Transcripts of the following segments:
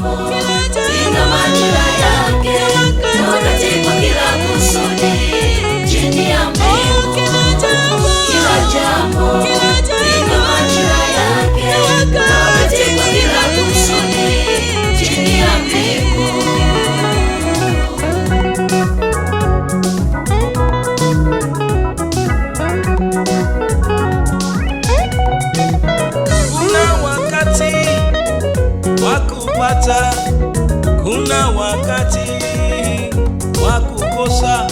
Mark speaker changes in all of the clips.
Speaker 1: Oh. kupata, kuna wakati wa kukosa,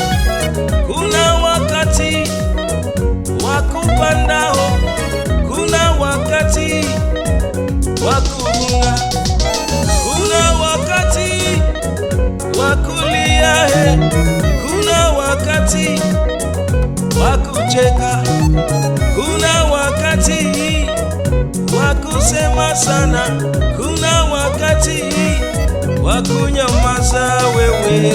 Speaker 1: kuna wakati wa kupanda, kuna wakati wa kuvuna, kuna wakati wa kulia, kuna wakati wa kucheka, kuna wakati wa kusema sana, kuna wakati wa kunyamaza wewe.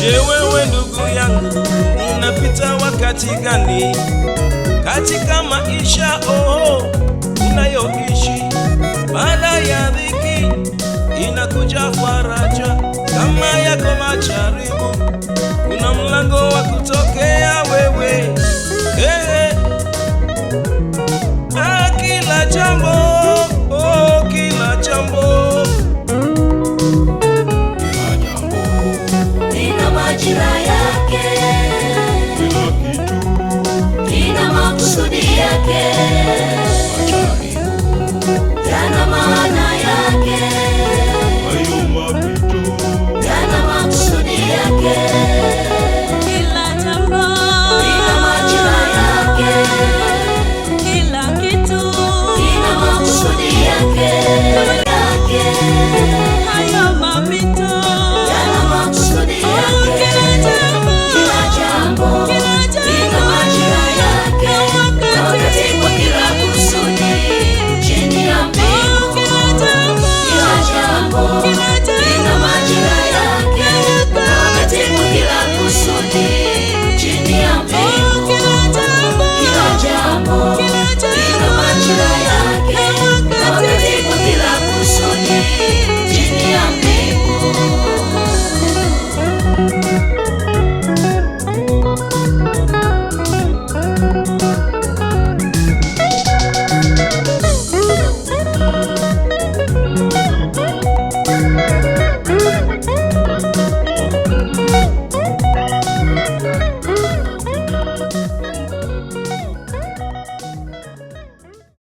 Speaker 1: Je, wewe ndugu yangu, unapita wakati gani katika maisha oho unayoishi? Baada ya dhiki inakuja
Speaker 2: yana maana yake.